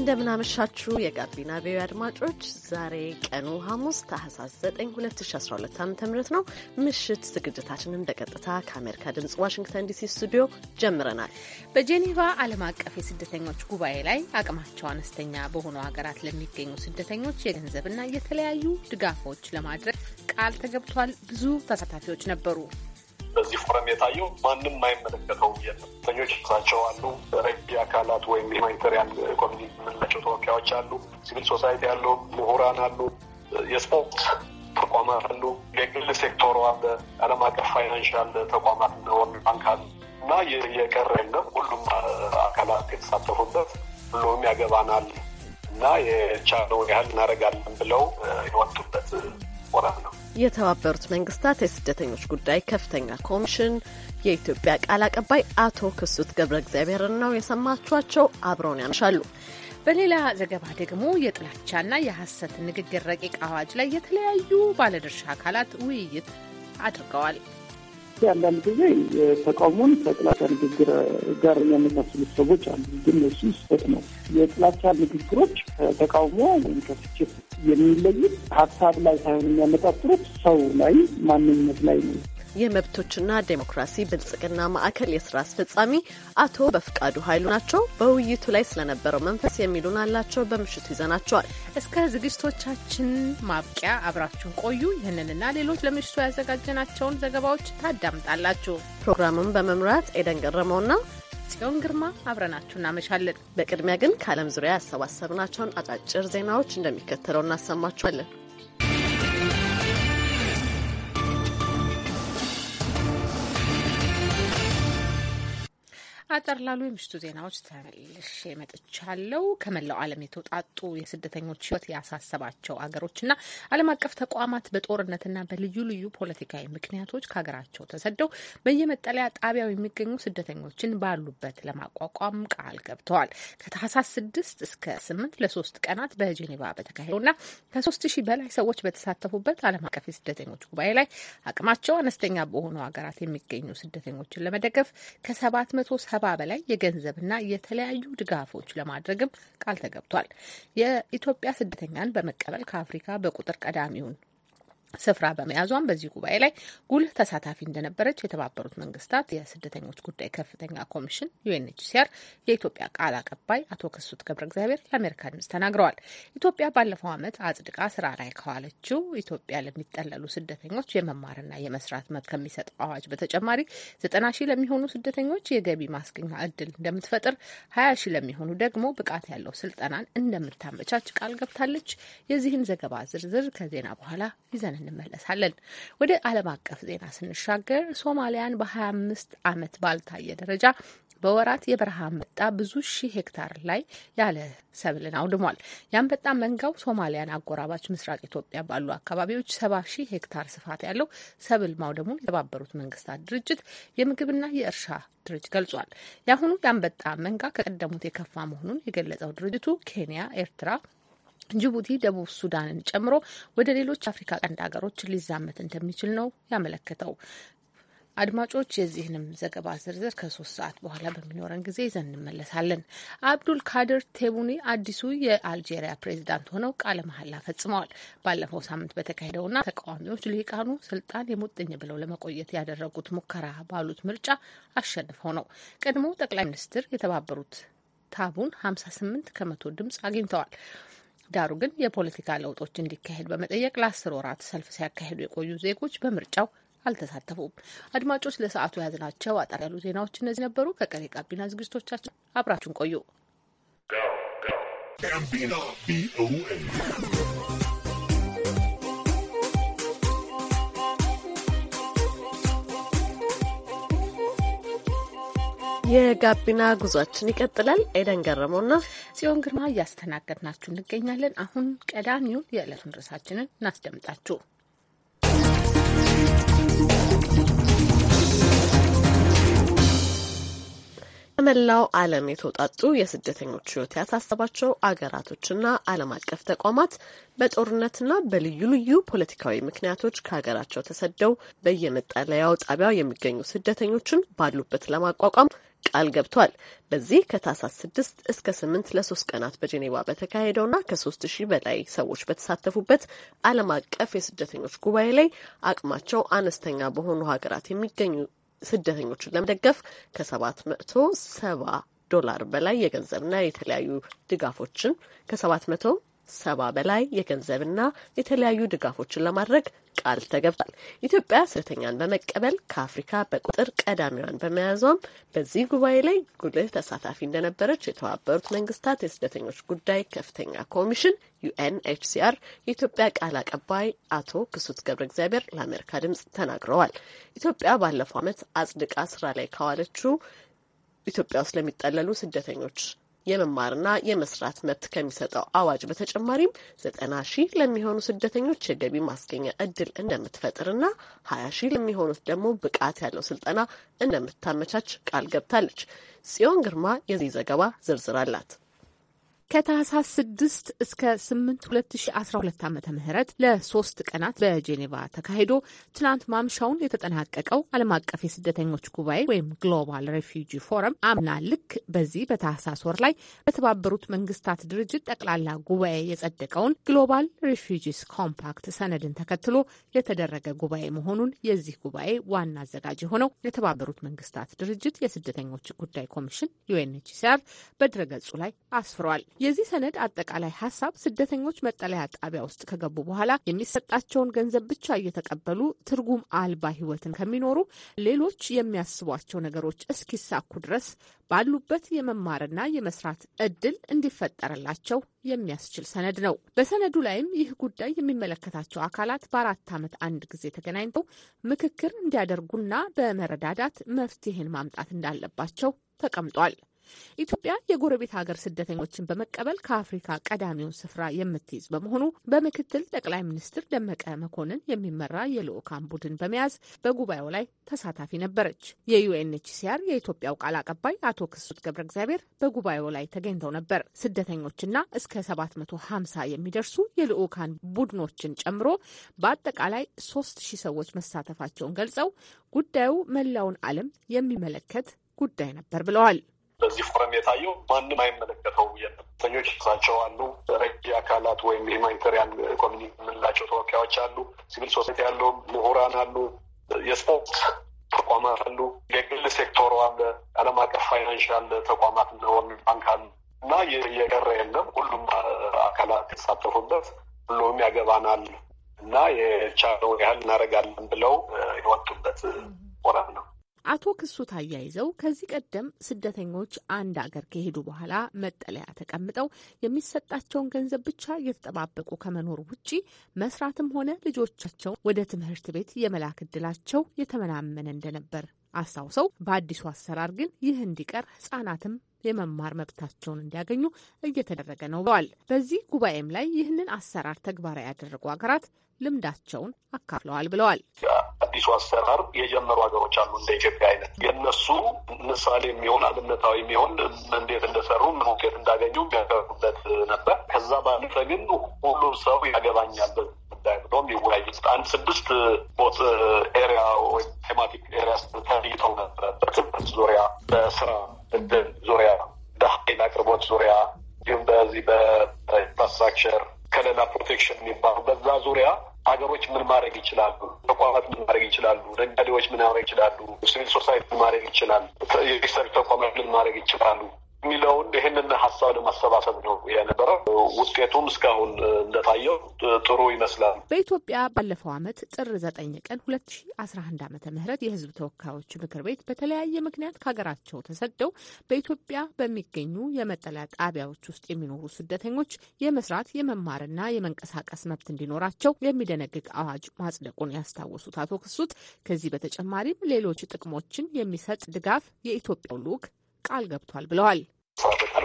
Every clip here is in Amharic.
እንደምናመሻችሁ የጋቢና ቪዮ አድማጮች፣ ዛሬ ቀኑ ሐሙስ ታህሳስ 9 2012 ዓ ም ነው። ምሽት ዝግጅታችንን በቀጥታ ከአሜሪካ ድምፅ ዋሽንግተን ዲሲ ስቱዲዮ ጀምረናል። በጄኔቫ ዓለም አቀፍ የስደተኞች ጉባኤ ላይ አቅማቸው አነስተኛ በሆኑ ሀገራት ለሚገኙ ስደተኞች የገንዘብና የተለያዩ ድጋፎች ለማድረግ ቃል ተገብቷል። ብዙ ተሳታፊዎች ነበሩ። በዚህ ፎረም የታየው ማንም የማይመለከተው የለም። ተኞች ሳቸው አሉ፣ ረቢ አካላት ወይም ሁማኒታሪያን ኮሚኒ የምንላቸው ተወካዮች አሉ፣ ሲቪል ሶሳይቲ አሉ፣ ምሁራን አሉ፣ የስፖርት ተቋማት አሉ፣ የግል ሴክተሩ አለ፣ ዓለም አቀፍ ፋይናንሻል ተቋማት እና ባንክ አሉ እና የቀረ የለም። ሁሉም አካላት የተሳተፉበት ሁሉም ያገባናል እና የቻለውን ያህል እናደርጋለን ብለው የወጡበት ፎረም ነው። የተባበሩት መንግስታት የስደተኞች ጉዳይ ከፍተኛ ኮሚሽን የኢትዮጵያ ቃል አቀባይ አቶ ክሱት ገብረ እግዚአብሔርን ነው የሰማችኋቸው። አብረውን ያመሻሉ። በሌላ ዘገባ ደግሞ የጥላቻና የሐሰት ንግግር ረቂቅ አዋጅ ላይ የተለያዩ ባለድርሻ አካላት ውይይት አድርገዋል። አንዳንድ ጊዜ ተቃውሞን ከጥላቻ ንግግር ጋር የሚያመሳስሉት ሰዎች አሉ። ግን እሱ ስህተት ነው። የጥላቻ ንግግሮች ከተቃውሞ ወይም ከፍችት የሚለዩት ሀሳብ ላይ ሳይሆን የሚያነጣጥሩት ሰው ላይ ማንነት ላይ ነው። የመብቶችና ዴሞክራሲ ብልጽግና ማዕከል የስራ አስፈጻሚ አቶ በፍቃዱ ኃይሉ ናቸው። በውይይቱ ላይ ስለነበረው መንፈስ የሚሉን አላቸው። በምሽቱ ይዘናቸዋል። እስከ ዝግጅቶቻችን ማብቂያ አብራችሁን ቆዩ። ይህንንና ሌሎች ለምሽቱ ያዘጋጀናቸውን ዘገባዎች ታዳምጣላችሁ። ፕሮግራሙን በመምራት ኤደን ገረመውና ጽዮን ግርማ አብረናችሁ እናመሻለን። በቅድሚያ ግን ከዓለም ዙሪያ ያሰባሰብናቸውን አጫጭር ዜናዎች እንደሚከተለው እናሰማችኋለን። አጠር ላሉ የምሽቱ ዜናዎች ተመልሼ መጥቻለሁ። ከመላው ዓለም የተውጣጡ የስደተኞች ሕይወት ያሳሰባቸው አገሮችና ዓለም አቀፍ ተቋማት በጦርነትና በልዩ ልዩ ፖለቲካዊ ምክንያቶች ከሀገራቸው ተሰደው በየመጠለያ ጣቢያው የሚገኙ ስደተኞችን ባሉበት ለማቋቋም ቃል ገብተዋል። ከታህሳስ ስድስት እስከ ስምንት ለሶስት ቀናት በጄኔቫ በተካሄደውና ከሶስት ሺህ በላይ ሰዎች በተሳተፉበት ዓለም አቀፍ የስደተኞች ጉባኤ ላይ አቅማቸው አነስተኛ በሆኑ ሀገራት የሚገኙ ስደተኞችን ለመደገፍ ከሰባት መቶ ከሰባ በላይ የገንዘብና የተለያዩ ድጋፎች ለማድረግም ቃል ተገብቷል። የኢትዮጵያ ስደተኛን በመቀበል ከአፍሪካ በቁጥር ቀዳሚውን ስፍራ በመያዟም በዚህ ጉባኤ ላይ ጉልህ ተሳታፊ እንደነበረች የተባበሩት መንግስታት የስደተኞች ጉዳይ ከፍተኛ ኮሚሽን ዩኤንኤችሲአር የኢትዮጵያ ቃል አቀባይ አቶ ክሱት ገብረ እግዚአብሔር ለአሜሪካ ድምጽ ተናግረዋል። ኢትዮጵያ ባለፈው ዓመት አጽድቃ ስራ ላይ ከዋለችው ኢትዮጵያ ለሚጠለሉ ስደተኞች የመማርና የመስራት መብት ከሚሰጥ አዋጅ በተጨማሪ ዘጠና ሺህ ለሚሆኑ ስደተኞች የገቢ ማስገኛ እድል እንደምትፈጥር፣ ሀያ ሺህ ለሚሆኑ ደግሞ ብቃት ያለው ስልጠናን እንደምታመቻች ቃል ገብታለች። የዚህን ዘገባ ዝርዝር ከዜና በኋላ ይዘናል። እንመለሳለን። ወደ ዓለም አቀፍ ዜና ስንሻገር ሶማሊያን በ25 ዓመት ባልታየ ደረጃ በወራት የበረሃ አንበጣ ብዙ ሺህ ሄክታር ላይ ያለ ሰብልን አውድሟል። የአንበጣ መንጋው ሶማሊያን አጎራባች ምስራቅ ኢትዮጵያ ባሉ አካባቢዎች ሰባ ሺህ ሄክታር ስፋት ያለው ሰብል ማውደሙን የተባበሩት መንግስታት ድርጅት የምግብና የእርሻ ድርጅት ገልጿል። የአሁኑ የአንበጣ መንጋ ከቀደሙት የከፋ መሆኑን የገለጸው ድርጅቱ ኬንያ፣ ኤርትራ ጅቡቲ ደቡብ ሱዳንን ጨምሮ ወደ ሌሎች አፍሪካ ቀንድ ሀገሮች ሊዛመት እንደሚችል ነው ያመለከተው። አድማጮች የዚህንም ዘገባ ዝርዝር ከሶስት ሰዓት በኋላ በሚኖረን ጊዜ ይዘን እንመለሳለን። አብዱል ካድር ቴቡኒ አዲሱ የአልጄሪያ ፕሬዚዳንት ሆነው ቃለ መሐላ ፈጽመዋል። ባለፈው ሳምንት በተካሄደውና ተቃዋሚዎች ሊቃኑ ስልጣን የሙጥኝ ብለው ለመቆየት ያደረጉት ሙከራ ባሉት ምርጫ አሸንፈው ነው። ቀድሞ ጠቅላይ ሚኒስትር የተባበሩት ታቡን 58 ከመቶ ድምጽ አግኝተዋል። ዳሩ ግን የፖለቲካ ለውጦች እንዲካሄድ በመጠየቅ ለአስር ወራት ሰልፍ ሲያካሄዱ የቆዩ ዜጎች በምርጫው አልተሳተፉም። አድማጮች ለሰዓቱ የያዝናቸው አጠር ያሉ ዜናዎች እነዚህ ነበሩ። ከቀሪ ጋቢና ዝግጅቶቻችን አብራችሁን ቆዩ። የጋቢና ጉዟችን ይቀጥላል። ኤደን ገረመውና ጽዮን ግርማ እያስተናገድናችሁ እንገኛለን። አሁን ቀዳሚውን የዕለቱን ርዕሳችንን እናስደምጣችሁ። ከመላው ዓለም የተውጣጡ የስደተኞች ሕይወት ያሳሰባቸው አገራቶችና ዓለም አቀፍ ተቋማት በጦርነትና በልዩ ልዩ ፖለቲካዊ ምክንያቶች ከሀገራቸው ተሰደው በየመጠለያው ጣቢያ የሚገኙ ስደተኞችን ባሉበት ለማቋቋም ቃል ገብቷል። በዚህ ከታህሳስ ስድስት እስከ ስምንት ለሶስት ቀናት በጄኔቫ በተካሄደውና ከሶስት ሺህ በላይ ሰዎች በተሳተፉበት ዓለም አቀፍ የስደተኞች ጉባኤ ላይ አቅማቸው አነስተኛ በሆኑ ሀገራት የሚገኙ ስደተኞችን ለመደገፍ ከሰባት መቶ ሰባ ዶላር በላይ የገንዘብና የተለያዩ ድጋፎችን ከሰባት መቶ ሰባ በላይ የገንዘብና የተለያዩ ድጋፎችን ለማድረግ ቃል ተገብቷል። ኢትዮጵያ ስደተኛን በመቀበል ከአፍሪካ በቁጥር ቀዳሚዋን በመያዟም በዚህ ጉባኤ ላይ ጉልህ ተሳታፊ እንደነበረች የተባበሩት መንግስታት የስደተኞች ጉዳይ ከፍተኛ ኮሚሽን ዩኤንኤችሲአር የኢትዮጵያ ቃል አቀባይ አቶ ክሱት ገብረ እግዚአብሔር ለአሜሪካ ድምጽ ተናግረዋል። ኢትዮጵያ ባለፈው ዓመት አጽድቃ ስራ ላይ ከዋለችው ኢትዮጵያ ውስጥ ለሚጠለሉ ስደተኞች የመማርና የመስራት መብት ከሚሰጠው አዋጅ በተጨማሪም ዘጠና ሺህ ለሚሆኑ ስደተኞች የገቢ ማስገኛ እድል እንደምትፈጥርና ሀያ ሺህ ለሚሆኑት ደግሞ ብቃት ያለው ስልጠና እንደምታመቻች ቃል ገብታለች። ጽዮን ግርማ የዚህ ዘገባ ዝርዝር አላት። ከታህሳስ 6 እስከ 8 2012 ዓ ም ለሶስት ቀናት በጄኔቫ ተካሂዶ ትናንት ማምሻውን የተጠናቀቀው ዓለም አቀፍ የስደተኞች ጉባኤ ወይም ግሎባል ሬፊጂ ፎረም አምና ልክ በዚህ በታህሳስ ወር ላይ በተባበሩት መንግስታት ድርጅት ጠቅላላ ጉባኤ የጸደቀውን ግሎባል ሬፊጂስ ኮምፓክት ሰነድን ተከትሎ የተደረገ ጉባኤ መሆኑን የዚህ ጉባኤ ዋና አዘጋጅ የሆነው የተባበሩት መንግስታት ድርጅት የስደተኞች ጉዳይ ኮሚሽን ዩኤንኤችሲአር በድረገጹ ላይ አስፍሯል። የዚህ ሰነድ አጠቃላይ ሀሳብ ስደተኞች መጠለያ ጣቢያ ውስጥ ከገቡ በኋላ የሚሰጣቸውን ገንዘብ ብቻ እየተቀበሉ ትርጉም አልባ ህይወትን ከሚኖሩ ሌሎች የሚያስቧቸው ነገሮች እስኪሳኩ ድረስ ባሉበት የመማርና የመስራት እድል እንዲፈጠርላቸው የሚያስችል ሰነድ ነው። በሰነዱ ላይም ይህ ጉዳይ የሚመለከታቸው አካላት በአራት ዓመት አንድ ጊዜ ተገናኝተው ምክክር እንዲያደርጉና በመረዳዳት መፍትሄን ማምጣት እንዳለባቸው ተቀምጧል። ኢትዮጵያ የጎረቤት ሀገር ስደተኞችን በመቀበል ከአፍሪካ ቀዳሚውን ስፍራ የምትይዝ በመሆኑ በምክትል ጠቅላይ ሚኒስትር ደመቀ መኮንን የሚመራ የልዑካን ቡድን በመያዝ በጉባኤው ላይ ተሳታፊ ነበረች። የዩኤንኤችሲአር የኢትዮጵያው ቃል አቀባይ አቶ ክሱት ገብረ እግዚአብሔር በጉባኤው ላይ ተገኝተው ነበር። ስደተኞችና እስከ 750 የሚደርሱ የልዑካን ቡድኖችን ጨምሮ በአጠቃላይ 3000 ሰዎች መሳተፋቸውን ገልጸው ጉዳዩ መላውን ዓለም የሚመለከት ጉዳይ ነበር ብለዋል። በዚህ ፎረም የታየው ማንም አይመለከተው የመተኞች እሳቸው አሉ፣ ረጂ አካላት ወይም ሂማኒታሪያን ኮሚኒቲ የምንላቸው ተወካዮች አሉ፣ ሲቪል ሶሳይቲ አሉ፣ ምሁራን አሉ፣ የስፖርት ተቋማት አሉ፣ የግል ሴክተሩ አለ፣ ዓለም አቀፍ ፋይናንሻል ተቋማት እና ወርልድ ባንክ አሉ እና የቀረ የለም። ሁሉም አካላት የተሳተፉበት ሁሉም ያገባናል እና የቻለው ያህል እናደርጋለን ብለው የወጡበት ፎረም ነው። አቶ ክሱት አያይዘው ከዚህ ቀደም ስደተኞች አንድ አገር ከሄዱ በኋላ መጠለያ ተቀምጠው የሚሰጣቸውን ገንዘብ ብቻ እየተጠባበቁ ከመኖር ውጪ መስራትም ሆነ ልጆቻቸው ወደ ትምህርት ቤት የመላክ እድላቸው የተመናመነ እንደነበር አስታውሰው በአዲሱ አሰራር ግን ይህ እንዲቀር ህጻናትም የመማር መብታቸውን እንዲያገኙ እየተደረገ ነው ብለዋል። በዚህ ጉባኤም ላይ ይህንን አሰራር ተግባራዊ ያደረጉ ሀገራት ልምዳቸውን አካፍለዋል ብለዋል። አዲሱ አሰራር የጀመሩ ሀገሮች አሉ እንደ ኢትዮጵያ አይነት የእነሱ ምሳሌ የሚሆን አብነታዊ የሚሆን እንዴት እንደሰሩ ምን ውጤት እንዳገኙ የሚያቀርቡበት ነበር። ከዛ ባለፈ ግን ሁሉ ሰው ያገባኛል ጉዳይ ብሎ የሚወያዩት አንድ ስድስት ቦት ኤሪያ ወይም ቴማቲክ ኤሪያ ተለይተው ነበረ በትምህርት ዙሪያ በስራ እድል ዙሪያ በኃይል አቅርቦት ዙሪያ እንዲሁም በዚህ በኢንፍራስትራክቸር ከለላ ፕሮቴክሽን የሚባሉ በዛ ዙሪያ ሀገሮች ምን ማድረግ ይችላሉ? ተቋማት ምን ማድረግ ይችላሉ? ነጋዴዎች ምን ማድረግ ይችላሉ? ሲቪል ሶሳይቲ ምን ማድረግ ይችላል? የሪሰርች ተቋማት ምን ማድረግ ይችላሉ? የሚለውን ይህንን ሀሳብ ለማሰባሰብ ነው የነበረው። ውጤቱም እስካሁን እንደታየው ጥሩ ይመስላል። በኢትዮጵያ ባለፈው ዓመት ጥር ዘጠኝ ቀን ሁለት ሺ አስራ አንድ ዓመተ ምህረት የህዝብ ተወካዮች ምክር ቤት በተለያየ ምክንያት ከሀገራቸው ተሰደው በኢትዮጵያ በሚገኙ የመጠለያ ጣቢያዎች ውስጥ የሚኖሩ ስደተኞች የመስራት የመማርና የመንቀሳቀስ መብት እንዲኖራቸው የሚደነግግ አዋጅ ማጽደቁን ያስታወሱት አቶ ክሱት ከዚህ በተጨማሪም ሌሎች ጥቅሞችን የሚሰጥ ድጋፍ የኢትዮጵያው ልዑክ ቃል ገብቷል ብለዋል።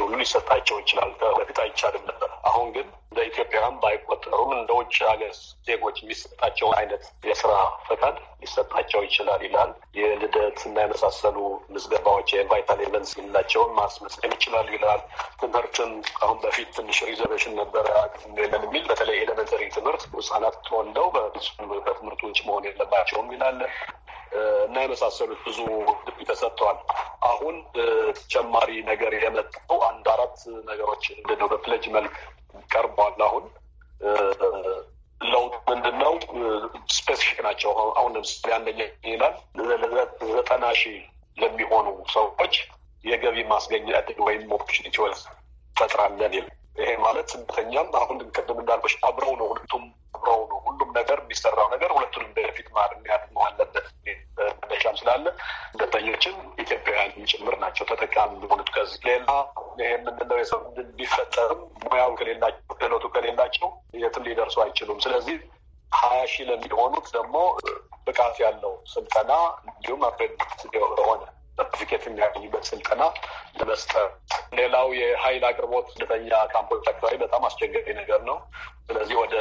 ሁሉ ሊሰጣቸው ይችላል። በፊት አይቻልም ነበር። አሁን ግን እንደ ኢትዮጵያውያን ባይቆጠሩም እንደ ውጭ ሀገር ዜጎች የሚሰጣቸው አይነት የስራ ፈቃድ ሊሰጣቸው ይችላል ይላል። የልደት እና የመሳሰሉ ምዝገባዎች የቫይታል ኤቨንስ የምንላቸውን ማስመዝገብ ይችላሉ ይላል። ትምህርትም አሁን በፊት ትንሽ ሪዘርቬሽን ነበረ ለን የሚል በተለይ ኤሌመንተሪ ትምህርት ህጻናት ተወልደው በትምህርቱ ውጭ መሆን የለባቸውም ይላል። እና የመሳሰሉት ብዙ ድብ ተሰጥተዋል። አሁን ተጨማሪ ነገር የመጣው አንድ አራት ነገሮች ምንድን ነው በፕለጅ መልክ ቀርቧል። አሁን ለውጥ ምንድን ነው? ስፔሲፊክ ናቸው። አሁን ለምሳሌ አንደኛ ይላል ዘጠና ሺህ ለሚሆኑ ሰዎች የገቢ ማስገኛ እድል ወይም ኦፖርቹኒቲ ፈጥራለን ይላል። ይሄ ማለት ስደተኛም አሁን ቅድም እንዳልኩሽ አብረው ነው ሁለቱም አብረው ነው ሁሉም ነገር የሚሰራው ነገር ሁለቱንም በፊት ማር ያት አለበት መሻም ስላለ ስደተኞችም ኢትዮጵያውያን ጭምር ናቸው ተጠቃሚ የሆኑት ከዚህ ሌላ ይሄ የምንለው የሰው ቢፈጠርም ሙያው ከሌላቸው ክህሎቱ ከሌላቸው የትም ሊደርሱ አይችሉም። ስለዚህ ሀያ ሺህ ለሚሆኑት ደግሞ ብቃት ያለው ስልጠና እንዲሁም አፕሬድ ሆነ ሰርቲፊኬት የሚያገኙበት ስልጠና ለመስጠት። ሌላው የሀይል አቅርቦት ስደተኛ ካምፖች አካባቢ በጣም አስቸጋሪ ነገር ነው። ስለዚህ ወደ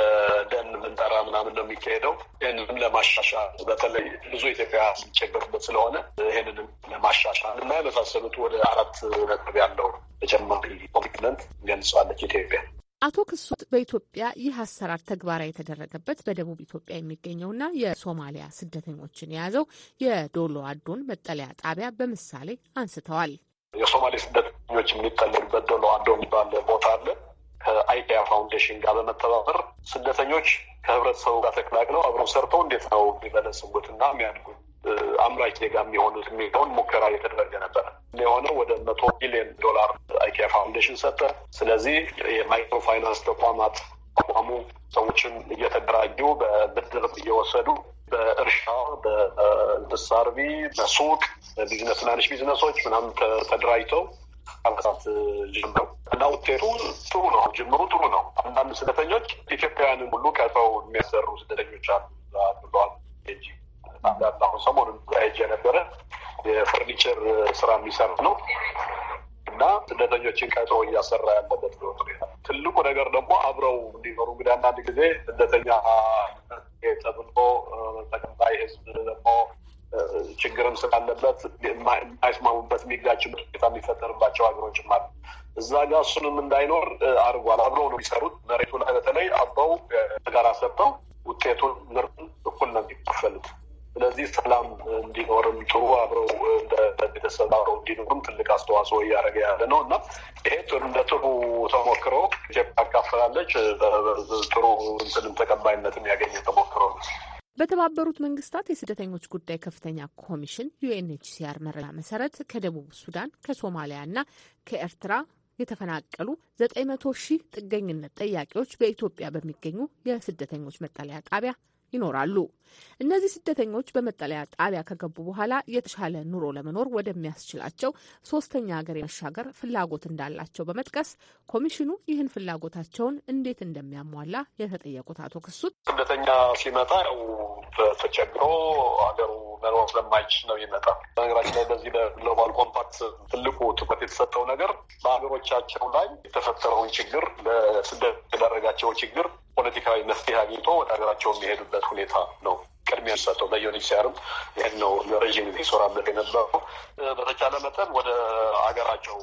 ደን ምንጠራ ምናምን ነው የሚካሄደው። ይህንንም ለማሻሻል በተለይ ብዙ ኢትዮጵያ የሚቸገሩበት ስለሆነ ይህንንም ለማሻሻል እና የመሳሰሉት ወደ አራት ነጥብ ያለው ተጨማሪ ኮሚትመንት ገልጸዋለች ኢትዮጵያ። አቶ ክሱት በኢትዮጵያ ይህ አሰራር ተግባራዊ የተደረገበት በደቡብ ኢትዮጵያ የሚገኘውና የሶማሊያ ስደተኞችን የያዘው የዶሎ አዶን መጠለያ ጣቢያ በምሳሌ አንስተዋል። የሶማሌ ስደተኞች የሚጠለሉበት ዶሎ አዶ የሚባል ቦታ አለ። ከአይኪያ ፋውንዴሽን ጋር በመተባበር ስደተኞች ከህብረተሰቡ ጋር ተቀላቅለው አብረው ሰርተው እንዴት ነው የሚበለጽጉት እና የሚያድጉት አምራች ዜጋ የሚሆኑት የሚለውን ሙከራ እየተደረገ ነበረ። የሆነ ወደ መቶ ቢሊዮን ዶላር አይኪያ ፋውንዴሽን ሰጠ። ስለዚህ የማይክሮ ፋይናንስ ተቋማት አቋሙ ሰዎችን እየተደራጁ በብድር እየወሰዱ በእርሻ በእንስሳ እርቢ፣ በሱቅ ቢዝነስ፣ ትናንሽ ቢዝነሶች ምናምን ተደራጅተው አመታት ጀምረው እና ውጤቱ ጥሩ ነው። ጅምሩ ጥሩ ነው። አንዳንድ ስደተኞች ኢትዮጵያውያንን ሁሉ ቀጥረው የሚያሰሩ ስደተኞች አሉ። አንዳንድ እንዳጣሁ ሰሞኑን ሄጄ የነበረ የፈርኒቸር ስራ የሚሰራ ነው እና ስደተኞችን ቀጥሮ እያሰራ ያለበት ነው። ትልቁ ነገር ደግሞ አብረው እንዲኖሩ እንግዲህ አንዳንድ ጊዜ ስደተኛ ተብሎ ተቀባይ ህዝብ ደግሞ ችግርም ስላለበት የማይስማሙበት የሚግዳቸው ሁኔታ የሚፈጠርባቸው ሀገሮች አሉ። እዛ ጋር እሱንም እንዳይኖር አድርጓል። አብረው ነው የሚሰሩት። መሬቱ ላይ በተለይ አብረው ጋራ ሰጥተው ውጤቱን ምርቱን እኩል ነው የሚከፈሉት። ስለዚህ ሰላም እንዲኖርም ጥሩ አብረው እንደ ቤተሰብ አብረው እንዲኖርም ትልቅ አስተዋጽኦ እያደረገ ያለ ነው እና ይሄ እንደ ጥሩ ተሞክሮ ኢትዮጵያ አካፍላለች። ጥሩ እንትንም ተቀባይነትም ያገኘ ተሞክሮ ነው። በተባበሩት መንግስታት የስደተኞች ጉዳይ ከፍተኛ ኮሚሽን ዩኤንኤችሲአር መረጃ መሰረት ከደቡብ ሱዳን ከሶማሊያ እና ከኤርትራ የተፈናቀሉ 900 ሺህ ጥገኝነት ጠያቂዎች በኢትዮጵያ በሚገኙ የስደተኞች መጠለያ ጣቢያ ይኖራሉ። እነዚህ ስደተኞች በመጠለያ ጣቢያ ከገቡ በኋላ የተሻለ ኑሮ ለመኖር ወደሚያስችላቸው ሶስተኛ ሀገር የመሻገር ፍላጎት እንዳላቸው በመጥቀስ ኮሚሽኑ ይህን ፍላጎታቸውን እንዴት እንደሚያሟላ የተጠየቁት አቶ ክሱት ስደተኛ ሲመጣ ያው ተቸግሮ ሀገሩ መኖር ስለማይችል ነው ይመጣ። በነገራችን ላይ በዚህ በግሎባል ኮምፓክት ትልቁ ትኩረት የተሰጠው ነገር በሀገሮቻቸው ላይ የተፈጠረውን ችግር ለስደት የዳረጋቸው ችግር ፖለቲካዊ መፍትሄ አግኝቶ ወደ ሀገራቸው የሚሄዱበት ሁኔታ ነው ነው ቅድሚያ ሰጠው በዩኒክሲያርም ይህን ነው ለረዥም ጊዜ ይሰራበት የነበረው። በተቻለ መጠን ወደ አገራቸው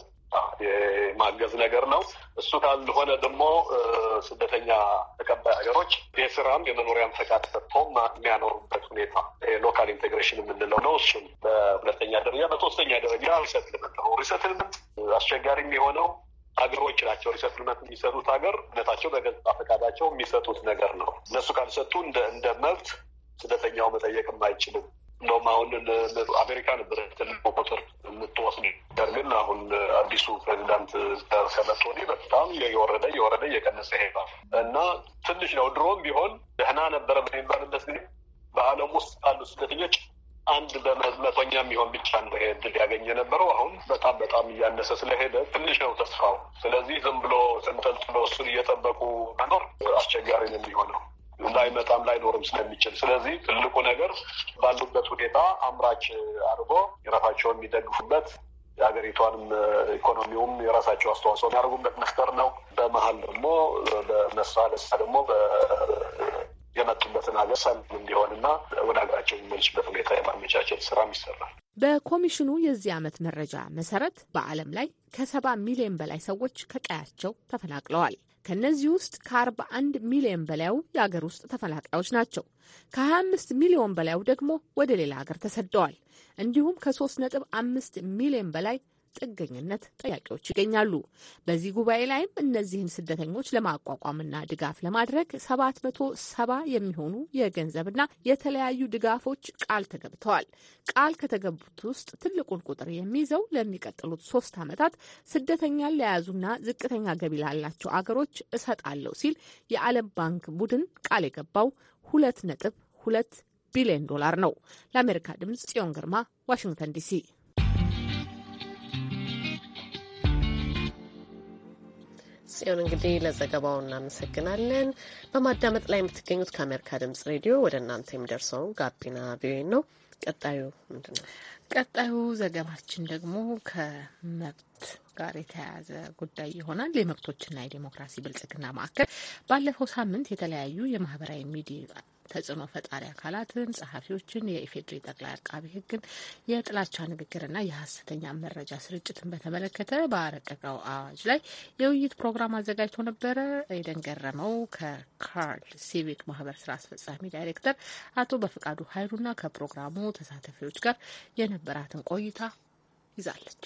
የማገዝ ነገር ነው። እሱ ካልሆነ ደግሞ ስደተኛ ተቀባይ ሀገሮች የስራም የመኖሪያም ፈቃድ ሰጥቶም የሚያኖሩበት ሁኔታ ሎካል ኢንቴግሬሽን የምንለው ነው። እሱም በሁለተኛ ደረጃ፣ በሶስተኛ ደረጃ ሪሰትልመንት ነው። ሪሰትልመንት አስቸጋሪ የሚሆነው ሀገሮች ናቸው። ሪሰትልመንት የሚሰጡት ሀገር ነታቸው በገዛ ፈቃዳቸው የሚሰጡት ነገር ነው። እነሱ ካልሰጡ እንደ መብት ስደተኛው መጠየቅም አይችልም። እንደውም አሁን አሜሪካ ነበረ ትልቅ ቁጥር የምትወስድ ነገር ግን አሁን አዲሱ ፕሬዚዳንት ከመቶ ወዲህ በጣም የወረደ የወረደ እየቀነሰ ይሄዳል እና ትንሽ ነው። ድሮም ቢሆን ደህና ነበረ በሚባልበት ጊዜ በዓለም ውስጥ ካሉ ስደተኞች አንድ በመቶኛ የሚሆን ብቻ ነው ይሄ እድል ያገኘ ነበረው። አሁን በጣም በጣም እያነሰ ስለሄደ ትንሽ ነው ተስፋው። ስለዚህ ዝም ብሎ ተንጠልጥሎ እሱን እየጠበቁ መኖር አስቸጋሪ ነው የሚሆነው። ላይመጣም ላይኖርም ስለሚችል ስለዚህ ትልቁ ነገር ባሉበት ሁኔታ አምራች አድርጎ የራሳቸውን የሚደግፉበት የሀገሪቷንም ኢኮኖሚውም የራሳቸው አስተዋጽኦ የሚያደርጉበት መፍጠር ነው። በመሀል ደግሞ በመስራ ደሳ ደግሞ የመጡበትን ሀገር ሰላም እንዲሆንና ወደ ሀገራቸው የሚመልሱበት ሁኔታ የማመቻቸት ስራም ይሰራል። በኮሚሽኑ የዚህ ዓመት መረጃ መሰረት በዓለም ላይ ከሰባ ሚሊዮን በላይ ሰዎች ከቀያቸው ተፈናቅለዋል። ከእነዚህ ውስጥ ከ41 ሚሊዮን በላይው የአገር ውስጥ ተፈናቃዮች ናቸው። ከ25 ሚሊዮን በላይው ደግሞ ወደ ሌላ ሀገር ተሰደዋል። እንዲሁም ከ3.5 ሚሊዮን በላይ ጥገኝነት ጠያቂዎች ይገኛሉ። በዚህ ጉባኤ ላይም እነዚህን ስደተኞች ለማቋቋምና ድጋፍ ለማድረግ ሰባት መቶ ሰባ የሚሆኑ የገንዘብና የተለያዩ ድጋፎች ቃል ተገብተዋል። ቃል ከተገቡት ውስጥ ትልቁን ቁጥር የሚይዘው ለሚቀጥሉት ሶስት ዓመታት ስደተኛን ለያዙና ዝቅተኛ ገቢ ላላቸው አገሮች እሰጣለሁ ሲል የዓለም ባንክ ቡድን ቃል የገባው ሁለት ነጥብ ሁለት ቢሊዮን ዶላር ነው። ለአሜሪካ ድምጽ ጽዮን ግርማ ዋሽንግተን ዲሲ ጽዮን እንግዲህ ለዘገባው እናመሰግናለን። በማዳመጥ ላይ የምትገኙት ከአሜሪካ ድምጽ ሬዲዮ ወደ እናንተ የሚደርሰው ጋቢና ቪኦኤ ነው። ቀጣዩ ምንድን ነው? ቀጣዩ ዘገባችን ደግሞ ከመብት ጋር የተያያዘ ጉዳይ ይሆናል። የመብቶችና የዴሞክራሲ ብልጽግና ማዕከል ባለፈው ሳምንት የተለያዩ የማህበራዊ ሚዲያ ተጽዕኖ ፈጣሪ አካላትን፣ ጸሐፊዎችን፣ የኢፌዴሪ ጠቅላይ አቃቢ ሕግን፣ የጥላቻ ንግግርና የሀሰተኛ መረጃ ስርጭትን በተመለከተ ባረቀቀው አዋጅ ላይ የውይይት ፕሮግራም አዘጋጅቶ ነበረ። ኤደን ገረመው ከካርል ሲቪክ ማህበር ስራ አስፈጻሚ ዳይሬክተር አቶ በፍቃዱ ኃይሉና ከፕሮግራሙ ተሳታፊዎች ጋር የነበራትን ቆይታ ይዛለች።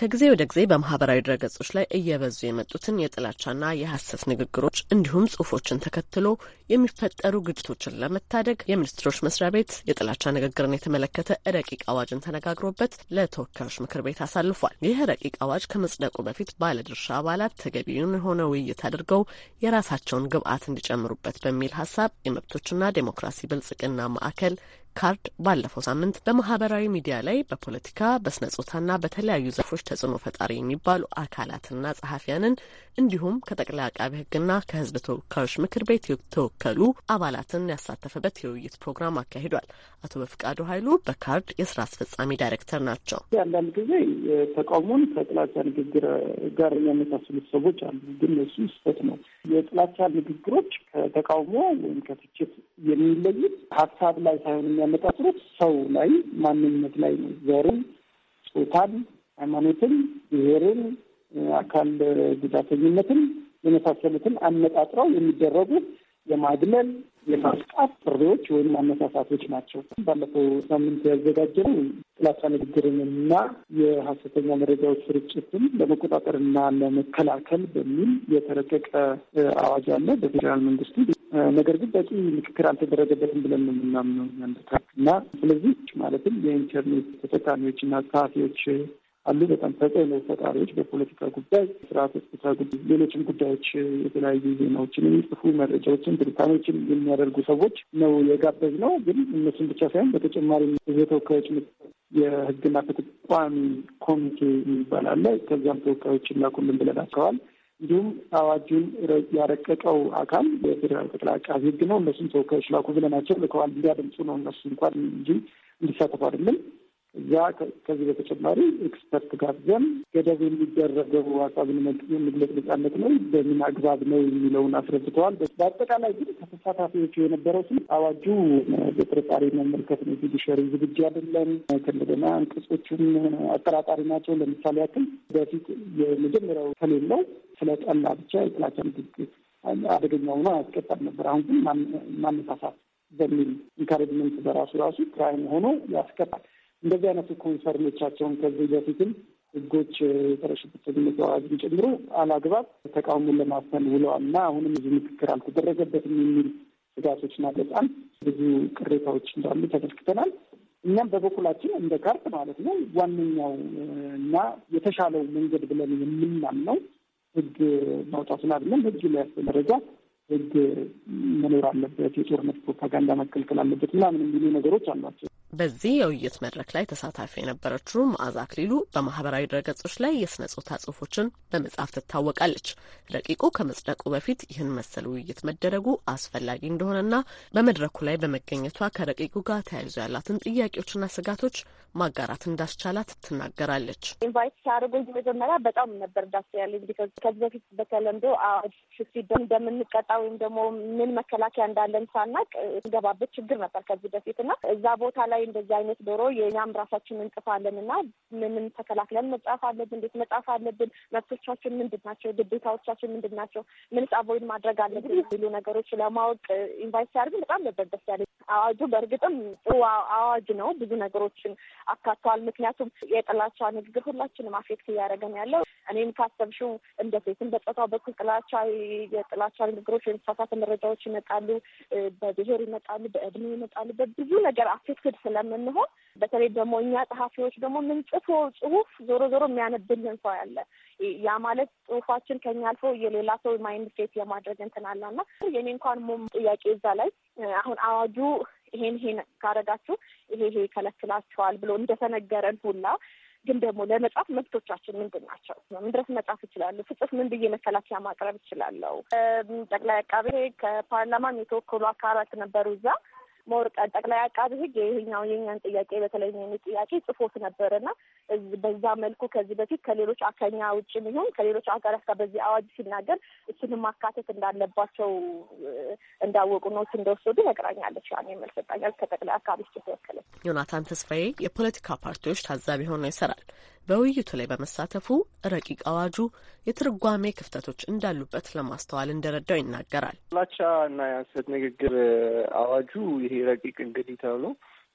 ከጊዜ ወደ ጊዜ በማህበራዊ ድረገጾች ላይ እየበዙ የመጡትን የጥላቻና የሐሰት ንግግሮች እንዲሁም ጽሁፎችን ተከትሎ የሚፈጠሩ ግጭቶችን ለመታደግ የሚኒስትሮች መስሪያ ቤት የጥላቻ ንግግርን የተመለከተ ረቂቅ አዋጅን ተነጋግሮበት ለተወካዮች ምክር ቤት አሳልፏል። ይህ ረቂቅ አዋጅ ከመጽደቁ በፊት ባለድርሻ አባላት ተገቢውን የሆነ ውይይት አድርገው የራሳቸውን ግብዓት እንዲጨምሩበት በሚል ሀሳብ የመብቶችና ዴሞክራሲ ብልጽግና ማዕከል ካርድ ባለፈው ሳምንት በማህበራዊ ሚዲያ ላይ በፖለቲካ በስነ ጾታና በተለያዩ ዘርፎች ተጽዕኖ ፈጣሪ የሚባሉ አካላትና ጸሐፊያንን እንዲሁም ከጠቅላይ አቃቢ ሕግና ከሕዝብ ተወካዮች ምክር ቤት የተወከሉ አባላትን ያሳተፈበት የውይይት ፕሮግራም አካሂዷል። አቶ በፍቃዱ ኃይሉ በካርድ የስራ አስፈጻሚ ዳይሬክተር ናቸው። አንዳንድ ጊዜ ተቃውሞን ከጥላቻ ንግግር ጋር የሚያመሳስሉት ሰዎች አሉ፣ ግን እሱ ስህተት ነው። የጥላቻ ንግግሮች ከተቃውሞ ወይም ከትችት የሚለዩት ሀሳብ ላይ ሳይሆን የሚያነጣጥሩት ሰው ላይ ማንነት ላይ ነው። ዘርን፣ ጾታን፣ ሃይማኖትን፣ ብሔርን፣ አካል ጉዳተኝነትን የመሳሰሉትን አነጣጥረው የሚደረጉ የማግለል የማስጣት ጥሪዎች ወይም አነሳሳቶች ናቸው። ባለፈው ሳምንት ያዘጋጀነው ጥላቻ ንግግርን የሀሰተኛ መረጃዎች ስርጭትን ለመቆጣጠርና ለመከላከል በሚል የተረቀቀ አዋጅ አለ በፌዴራል መንግስቱ። ነገር ግን በቂ ምክክር አልተደረገበትም ብለን ነው የምናምነው እና ስለዚህ ማለትም የኢንተርኔት ተጠቃሚዎች ጸሐፊዎች አሉ። በጣም ተጽዕኖ ፈጣሪዎች በፖለቲካ ጉዳይ፣ ስርዓተ ጾታ ጉዳይ፣ ሌሎችም ጉዳዮች የተለያዩ ዜናዎችን የሚጽፉ መረጃዎችን፣ ትንታኔዎችን የሚያደርጉ ሰዎች ነው የጋበዝ ነው። ግን እነሱን ብቻ ሳይሆን በተጨማሪ ሕዝብ የህግና ፍትህ ቋሚ ኮሚቴ የሚባል አለ። ከዚያም ተወካዮች ላኩልን ብለናቸዋል። እንዲሁም አዋጁን ያረቀቀው አካል የፌዴራል ጠቅላይ አቃቢ ህግ ነው። እነሱም ተወካዮች ላኩ ብለናቸው ልከዋል። እንዲያደምፁ ነው እነሱ እንኳን እንጂ እንዲሳተፉ አይደለም። እዛ ከዚህ በተጨማሪ ኤክስፐርት ጋብዘን ገደብ የሚደረገው ሀሳብን መግለጽ ነጻነት ነው፣ በምን አግባብ ነው የሚለውን አስረድተዋል። በአጠቃላይ ግን ከተሳታፊዎቹ የነበረው ስም አዋጁ በጥርጣሬ መመልከት ነው፣ ጁዲሻሪ ዝግጁ አይደለም፣ ከእንደገና አንቀጾቹም አጠራጣሪ ናቸው። ለምሳሌ ያክል በፊት የመጀመሪያው ከሌለው ስለ ጠላ ብቻ የጥላቻ ንግግር አደገኛ ሆኖ አያስቀጣም ነበር። አሁን ግን ማነሳሳት በሚል ኢንካሬጅመንት በራሱ ራሱ ክራይም ሆኖ ያስቀጣል። እንደዚህ አይነቱ ኮንሰርኖቻቸውን ከዚህ በፊትም ህጎች የጸረ ሽብርተኝነት አዋጅን ጨምሮ አላግባብ ተቃውሞን ለማፈን ውለዋል እና አሁንም ብዙ ምክክር አልተደረገበትም የሚል ስጋቶችና በጣም ብዙ ቅሬታዎች እንዳሉ ተመልክተናል። እኛም በበኩላችን እንደ ካርት ማለት ነው ዋነኛው እና የተሻለው መንገድ ብለን የምናምነው ህግ ማውጣቱን አይደለም። ህግ ሊያስፈ ደረጃ ህግ መኖር አለበት፣ የጦርነት ፕሮፓጋንዳ መከልከል አለበት ምናምን የሚሉ ነገሮች አሏቸው። በዚህ የውይይት መድረክ ላይ ተሳታፊ የነበረችው መዓዛ አክሊሉ በማህበራዊ ድረገጾች ላይ የስነ ጾታ ጽሁፎችን በመጻፍ ትታወቃለች። ረቂቁ ከመጽደቁ በፊት ይህን መሰል ውይይት መደረጉ አስፈላጊ እንደሆነና በመድረኩ ላይ በመገኘቷ ከረቂቁ ጋር ተያይዞ ያላትን ጥያቄዎችና ስጋቶች ማጋራት እንዳስቻላት ትናገራለች። ኢንቫይት ሲያደርጉኝ መጀመሪያ በጣም ነበር ዳስ ያለኝ። ቢካዝ ከዚህ በፊት በተለምዶ አዋጅ ሲደ እንደምንቀጣ ወይም ደግሞ ምን መከላከያ እንዳለን ሳናቅ ገባበት ችግር ነበር ከዚህ በፊት እና እዛ ቦታ ላይ እንደዚህ አይነት ዶሮ የእኛም ራሳችን እንጽፋለን እና ምንም ተከላክለን መጻፍ አለብን፣ እንዴት መጻፍ አለብን፣ መብቶቻችን ምንድን ናቸው፣ ግዴታዎቻችን ምንድን ናቸው፣ ምንስ አቮይድ ማድረግ አለብን የሚሉ ነገሮች ለማወቅ ኢንቫይት ሲያደርግ በጣም ነበር ደስ ያለኝ። አዋጁ በእርግጥም ጥሩ አዋጅ ነው፣ ብዙ ነገሮችን አካቷል። ምክንያቱም የጥላቻ ንግግር ሁላችንም አፌክት እያደረገን ያለው እኔም ካሰብሽው እንደ ሴትም በጾታው በኩል ጥላቻ የጥላቻ ንግግሮች ወይም ተሳሳተ መረጃዎች ይመጣሉ፣ በብሄር ይመጣሉ፣ በእድሜ ይመጣሉ፣ በብዙ ነገር አፌክትድ ስለምንሆን በተለይ ደግሞ እኛ ጸሐፊዎች ደግሞ የምንጽፈው ጽሁፍ ዞሮ ዞሮ የሚያነብልን ሰው ያለ ያ ማለት ጽሁፋችን ከኛ አልፎ የሌላ ሰው ማይንድ ሴት የማድረግ እንትን አለና የኔ እንኳን ሞም ጥያቄ እዛ ላይ አሁን አዋጁ ይሄን ይሄን ካረጋችሁ ይሄ ይሄ ይከለክላችኋል ብሎ እንደተነገረን ሁላ ግን ደግሞ ለመጻፍ መብቶቻችን ምንድን ናቸው? ምን ድረስ መጻፍ እችላለሁ? ስጽፍ ምን ብዬ መከላከያ ማቅረብ ይችላለው? ጠቅላይ አቃቤ ከፓርላማም የተወከሉ አካላት ነበሩ እዛ ሞር ጠቅላይ አቃቢ ህግ ይህኛው የኛን ጥያቄ በተለይ የኔ ጥያቄ ጽፎት ነበር እና በዛ መልኩ ከዚህ በፊት ከሌሎች ከኛ ውጭ ይሁን ከሌሎች አገራት ጋር በዚህ አዋጅ ሲናገር እሱንም ማካተት እንዳለባቸው እንዳወቁ ኖት እንደወሰዱ ነግራኛለች። ያን መልስ ሰጣኛል። ከጠቅላይ አካባቢ ስ ተወከለች። ዮናታን ተስፋዬ የፖለቲካ ፓርቲዎች ታዛቢ ሆኖ ይሰራል። በውይይቱ ላይ በመሳተፉ ረቂቅ አዋጁ የትርጓሜ ክፍተቶች እንዳሉበት ለማስተዋል እንደረዳው ይናገራል። ጥላቻ እና የሐሰት ንግግር አዋጁ ይሄ ረቂቅ እንግዲህ ተብሎ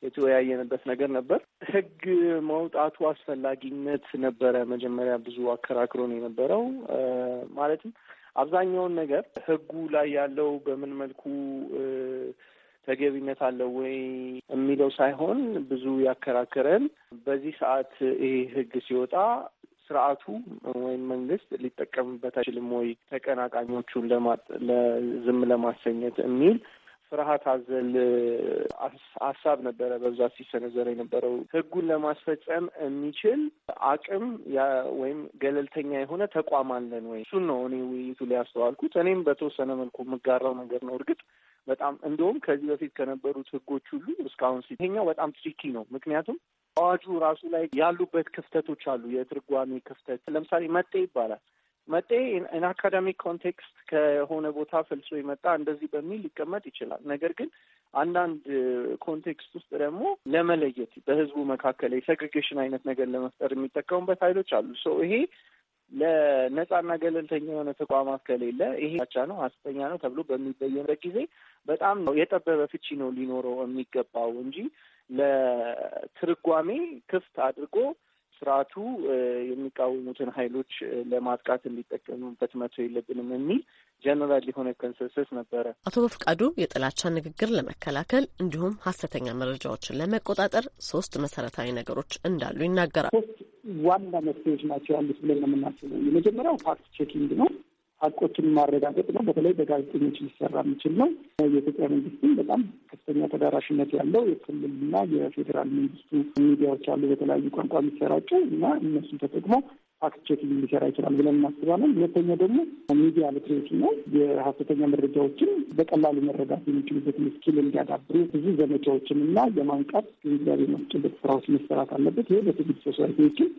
የተወያየንበት ነገር ነበር። ህግ መውጣቱ አስፈላጊነት ነበረ። መጀመሪያ ብዙ አከራክሮ ነው የነበረው። ማለትም አብዛኛውን ነገር ህጉ ላይ ያለው በምን መልኩ ተገቢነት አለው ወይ የሚለው ሳይሆን ብዙ ያከራከረን በዚህ ሰዓት ይሄ ህግ ሲወጣ ስርዓቱ ወይም መንግስት ሊጠቀምበት አይችልም ወይ ተቀናቃኞቹን ለዝም ለማሰኘት የሚል ፍርሃት አዘል ሀሳብ ነበረ በብዛት ሲሰነዘር የነበረው። ህጉን ለማስፈጸም የሚችል አቅም ወይም ገለልተኛ የሆነ ተቋም አለን ወይ? እሱን ነው እኔ ውይይቱ ላይ ያስተዋልኩት። እኔም በተወሰነ መልኩ የምጋራው ነገር ነው። እርግጥ በጣም እንደውም ከዚህ በፊት ከነበሩት ህጎች ሁሉ እስካሁን ሲ ይሄኛው በጣም ትሪኪ ነው። ምክንያቱም አዋጁ ራሱ ላይ ያሉበት ክፍተቶች አሉ። የትርጓሜ ክፍተት ለምሳሌ መጤ ይባላል። መጤ ኢን አካዳሚክ ኮንቴክስት ከሆነ ቦታ ፈልሶ የመጣ እንደዚህ በሚል ሊቀመጥ ይችላል። ነገር ግን አንዳንድ ኮንቴክስት ውስጥ ደግሞ ለመለየት በህዝቡ መካከል የሴግሬጌሽን አይነት ነገር ለመፍጠር የሚጠቀሙበት ኃይሎች አሉ። ሰው ይሄ ለነጻና ገለልተኛ የሆነ ተቋማት ከሌለ ይሄ ቻ ነው አስተኛ ነው ተብሎ በሚበየንበት ጊዜ በጣም የጠበበ ፍቺ ነው ሊኖረው የሚገባው እንጂ ለትርጓሜ ክፍት አድርጎ ስርዓቱ የሚቃወሙትን ኃይሎች ለማጥቃት እንዲጠቀሙበት መቶ የለብንም የሚል ጀነራል የሆነ ኮንሰንሰስ ነበረ። አቶ በፍቃዱ የጥላቻ ንግግር ለመከላከል እንዲሁም ሀሰተኛ መረጃዎችን ለመቆጣጠር ሶስት መሰረታዊ ነገሮች እንዳሉ ይናገራል። ሶስት ዋና መፍትሄዎች ናቸው ያሉት ብለን የምናስበው የመጀመሪያው ፋክት ቼኪንግ ነው። ሀቆችን ማረጋገጥ ነው። በተለይ በጋዜጠኞች ሊሰራ የሚችል ነው። የኢትዮጵያ መንግስትም በጣም ከፍተኛ ተደራሽነት ያለው የክልልና የፌዴራል መንግስቱ ሚዲያዎች አሉ፣ በተለያዩ ቋንቋ የሚሰራጩ እና እነሱን ተጠቅሞ ፋክት ሊሰራ ይችላል ብለን እናስባለን። ሁለተኛ ደግሞ ሚዲያ ልትሬቱ ነው። የሀሰተኛ መረጃዎችን በቀላሉ መረዳት የሚችሉበት ምስኪል እንዲያዳብሩ ብዙ ዘመቻዎችን እና የማንቃት ግንዛቤ ማስጨበቅ ስራዎች መሰራት አለበት። ይህ በሲቪል ሶሳይቲዎችን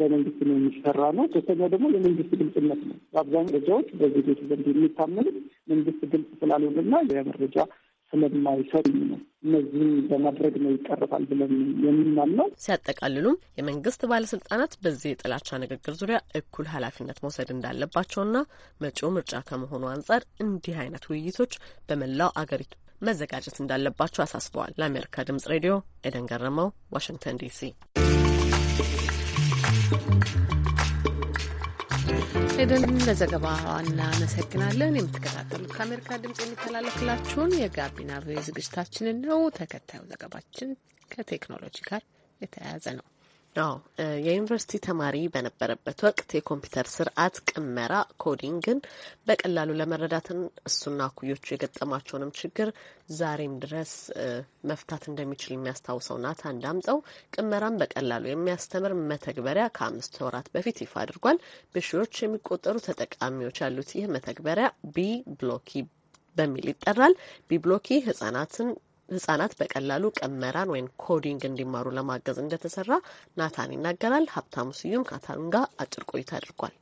በመንግስት ነው የሚሰራ ነው። ሶስተኛ ደግሞ የመንግስት ግልጽነት ነው። በአብዛኛው መረጃዎች ቤት ዘንድ የሚታመኑት መንግስት ግልጽ ስላልሆነና የመረጃ ነው። እነዚህም በማድረግ ነው ይቀረፋል ብለን የምናምነው። ሲያጠቃልሉም የመንግስት ባለስልጣናት በዚህ የጥላቻ ንግግር ዙሪያ እኩል ኃላፊነት መውሰድ እንዳለባቸውና መጪው ምርጫ ከመሆኑ አንጻር እንዲህ አይነት ውይይቶች በመላው አገሪቱ መዘጋጀት እንዳለባቸው አሳስበዋል። ለአሜሪካ ድምጽ ሬዲዮ ኤደን ገረመው፣ ዋሽንግተን ዲሲ ሄደን ለዘገባዋ እናመሰግናለን። የምትከታተሉት ከአሜሪካ ድምጽ የሚተላለፍላችሁን የጋቢና ቪኦኤ ዝግጅታችንን ነው። ተከታዩ ዘገባችን ከቴክኖሎጂ ጋር የተያያዘ ነው። አዎ የዩኒቨርሲቲ ተማሪ በነበረበት ወቅት የኮምፒውተር ስርዓት ቅመራ፣ ኮዲንግን በቀላሉ ለመረዳትን እሱና ኩዮቹ የገጠማቸውንም ችግር ዛሬም ድረስ መፍታት እንደሚችል የሚያስታውሰው ናታን ዳምጠው ቅመራን በቀላሉ የሚያስተምር መተግበሪያ ከአምስት ወራት በፊት ይፋ አድርጓል። በሺዎች የሚቆጠሩ ተጠቃሚዎች ያሉት ይህ መተግበሪያ ቢ ብሎኪ በሚል ይጠራል። ቢብሎኪ ህጻናትን ህጻናት በቀላሉ ቀመራን ወይም ኮዲንግ እንዲማሩ ለማገዝ እንደተሰራ ናታን ይናገራል። ሀብታሙ ስዩም ከናታን ጋር አጭር ቆይታ አድርጓል።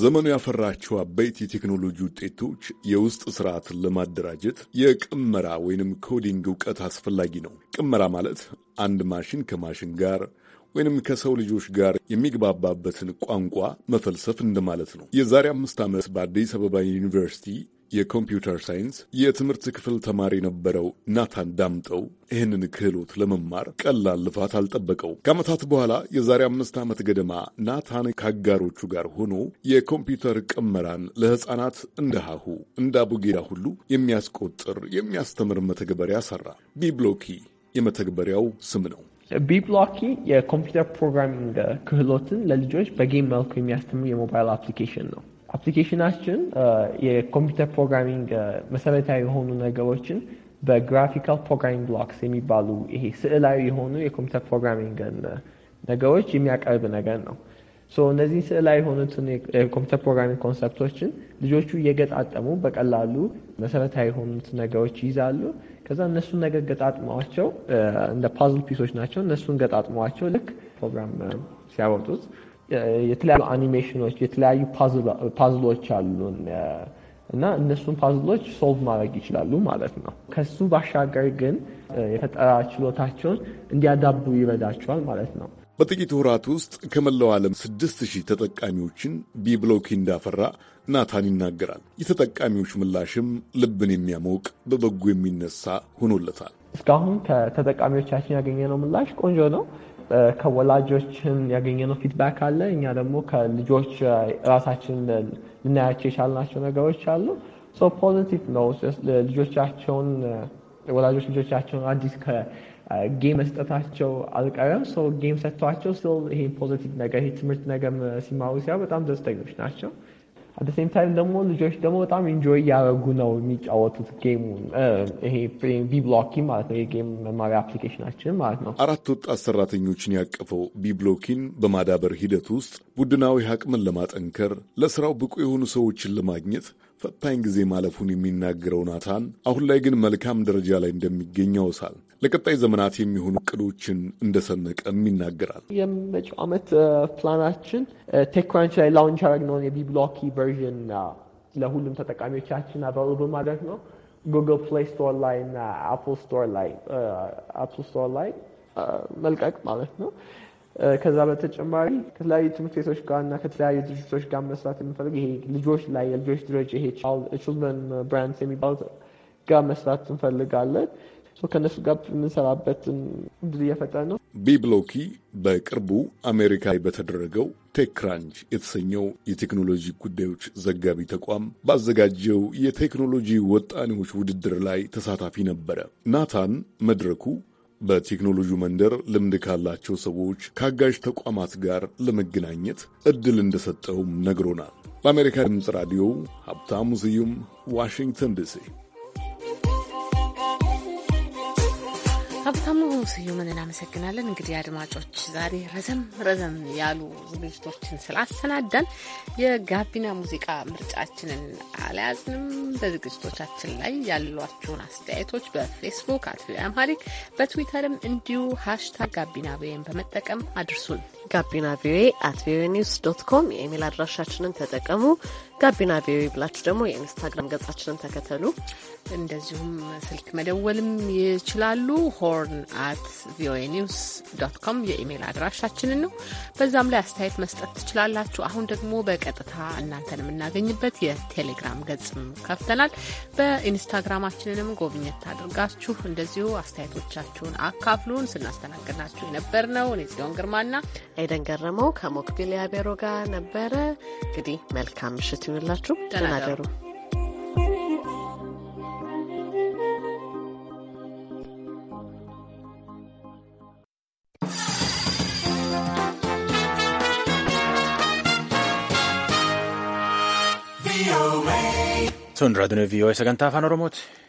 ዘመኑ ያፈራቸው አበይት የቴክኖሎጂ ውጤቶች የውስጥ ስርዓትን ለማደራጀት የቅመራ ወይንም ኮዲንግ እውቀት አስፈላጊ ነው። ቅመራ ማለት አንድ ማሽን ከማሽን ጋር ወይንም ከሰው ልጆች ጋር የሚግባባበትን ቋንቋ መፈልሰፍ እንደማለት ነው። የዛሬ አምስት ዓመት በአዲስ አበባ ዩኒቨርሲቲ የኮምፒውተር ሳይንስ የትምህርት ክፍል ተማሪ የነበረው ናታን ዳምጠው ይህንን ክህሎት ለመማር ቀላል ልፋት አልጠበቀው። ከዓመታት በኋላ የዛሬ አምስት ዓመት ገደማ ናታን ከአጋሮቹ ጋር ሆኖ የኮምፒውተር ቅመራን ለሕፃናት እንደ ሀሁ እንደ አቡጌዳ ሁሉ የሚያስቆጥር የሚያስተምር መተግበሪያ ሰራ። ቢብሎኪ የመተግበሪያው ስም ነው። ቢብሎኪ የኮምፒውተር ፕሮግራሚንግ ክህሎትን ለልጆች በጌም መልኩ የሚያስተምር የሞባይል አፕሊኬሽን ነው። አፕሊኬሽናችን የኮምፒውተር ፕሮግራሚንግ መሰረታዊ የሆኑ ነገሮችን በግራፊካል ፕሮግራሚንግ ብሎክስ የሚባሉ ይሄ ስዕላዊ የሆኑ የኮምፒውተር ፕሮግራሚንግን ነገሮች የሚያቀርብ ነገር ነው። እነዚህ ስዕላ የሆኑትን የኮምፒውተር ፕሮግራሚንግ ኮንሰፕቶችን ልጆቹ እየገጣጠሙ በቀላሉ መሰረታዊ የሆኑት ነገሮች ይይዛሉ። ከዛ እነሱን ነገር ገጣጥመዋቸው እንደ ፓዝል ፒሶች ናቸው። እነሱን ገጣጥመዋቸው ልክ ፕሮግራም ሲያወጡት የተለያዩ አኒሜሽኖች፣ የተለያዩ ፓዝሎች አሉን እና እነሱን ፓዝሎች ሶልቭ ማድረግ ይችላሉ ማለት ነው። ከሱ ባሻገር ግን የፈጠራ ችሎታቸውን እንዲያዳቡ ይረዳቸዋል ማለት ነው። በጥቂት ወራት ውስጥ ከመላው ዓለም ስድስት ሺህ ተጠቃሚዎችን ቢብሎክ እንዳፈራ ናታን ይናገራል። የተጠቃሚዎች ምላሽም ልብን የሚያሞቅ በበጎ የሚነሳ ሆኖለታል። እስካሁን ከተጠቃሚዎቻችን ያገኘነው ምላሽ ቆንጆ ነው። ከወላጆችን ያገኘነው ፊድባክ አለ። እኛ ደግሞ ከልጆች ራሳችን ልናያቸው የቻልናቸው ነገሮች አሉ። ፖዚቲቭ ነው። ልጆቻቸውን ወላጆች ልጆቻቸውን አዲስ ከጌም መስጠታቸው አልቀረም። ሰው ጌም ሰጥቷቸው ስል ይሄ ፖዘቲቭ ነገር ይሄ ትምህርት ነገር ሲማሩ ሲያ በጣም ደስተኞች ናቸው። አደሴም ታይም ደግሞ ልጆች ደግሞ በጣም ኢንጆይ እያደረጉ ነው የሚጫወቱት ጌሙ ይሄ ቢብሎኪ ማለት ነው የጌም መማሪያ አፕሊኬሽናችን ማለት ነው። አራት ወጣት ሰራተኞችን ያቀፈው ቢብሎኪን በማዳበር ሂደት ውስጥ ቡድናዊ አቅምን ለማጠንከር፣ ለስራው ብቁ የሆኑ ሰዎችን ለማግኘት ፈታኝ ጊዜ ማለፉን የሚናገረው ናታን አሁን ላይ ግን መልካም ደረጃ ላይ እንደሚገኝ ያውሳል። ለቀጣይ ዘመናት የሚሆኑ እቅዶችን እንደሰነቀም ይናገራል። የመጪው ዓመት ፕላናችን ቴክራንች ላይ ላውንች ያደረግነውን የቢብሎኪ ቨርዥን ለሁሉም ተጠቃሚዎቻችን አበሩ በማድረግ ነው። ጉግል ፕሌይ ስቶር ላይ እና አፕል ስቶር ላይ መልቀቅ ማለት ነው። ከዛ በተጨማሪ ከተለያዩ ትምህርት ቤቶች ጋር እና ከተለያዩ ድርጅቶች ጋር መስራት የምፈልግ ይሄ ልጆች ላይ የልጆች ድረጅ ይሄ ችልድረን ብራንድ የሚባሉት ጋር መስራት እንፈልጋለን። ከእነሱ ጋር የምንሰራበትን እድል እየፈጠረ ነው። ቢብሎኪ በቅርቡ አሜሪካ ላይ በተደረገው ቴክክራንች የተሰኘው የቴክኖሎጂ ጉዳዮች ዘጋቢ ተቋም ባዘጋጀው የቴክኖሎጂ ወጣኔዎች ውድድር ላይ ተሳታፊ ነበረ። ናታን መድረኩ በቴክኖሎጂ መንደር ልምድ ካላቸው ሰዎች ከአጋዥ ተቋማት ጋር ለመገናኘት እድል እንደሰጠውም ነግሮናል። ለአሜሪካ ድምፅ ራዲዮ ሀብታሙ ስዩም ዋሽንግተን ዲሲ። ሀብታሙ ስዩምን እናመሰግናለን። እንግዲህ አድማጮች ዛሬ ረዘም ረዘም ያሉ ዝግጅቶችን ስላሰናዳን የጋቢና ሙዚቃ ምርጫችንን አልያዝንም። በዝግጅቶቻችን ላይ ያሏችሁን አስተያየቶች በፌስቡክ አት ቪኦኤ አምሃሪክ በትዊተርም እንዲሁ ሀሽታግ ጋቢና ቪኦኤን በመጠቀም አድርሱን። ጋቢና ቪኦኤ አት ቪኦኤ ኒውስ ዶት ኮም የኢሜል አድራሻችንን ተጠቀሙ። ጋቢና ቪኦኤ ብላችሁ ደግሞ የኢንስታግራም ገጻችንን ተከተሉ። እንደዚሁም ስልክ መደወልም ይችላሉ። ሆርን አት ቪኦኤ ኒውስ ዶት ኮም የኢሜይል አድራሻችንን ነው። በዛም ላይ አስተያየት መስጠት ትችላላችሁ። አሁን ደግሞ በቀጥታ እናንተን የምናገኝበት የቴሌግራም ገጽም ከፍተናል። በኢንስታግራማችንንም ጎብኘት አድርጋችሁ እንደዚሁ አስተያየቶቻችሁን አካፍሉን። ስናስተናግድናችሁ የነበር ነው እኔ ጽዮን ግርማና አይደን ገረመው ከሞክቢል ያቤሮ ጋር ነበረ። እንግዲህ መልካም ምሽት ሰላማችን ይላችሁ። ደህና ደሩ። Sunt radune vioi să cânta afanul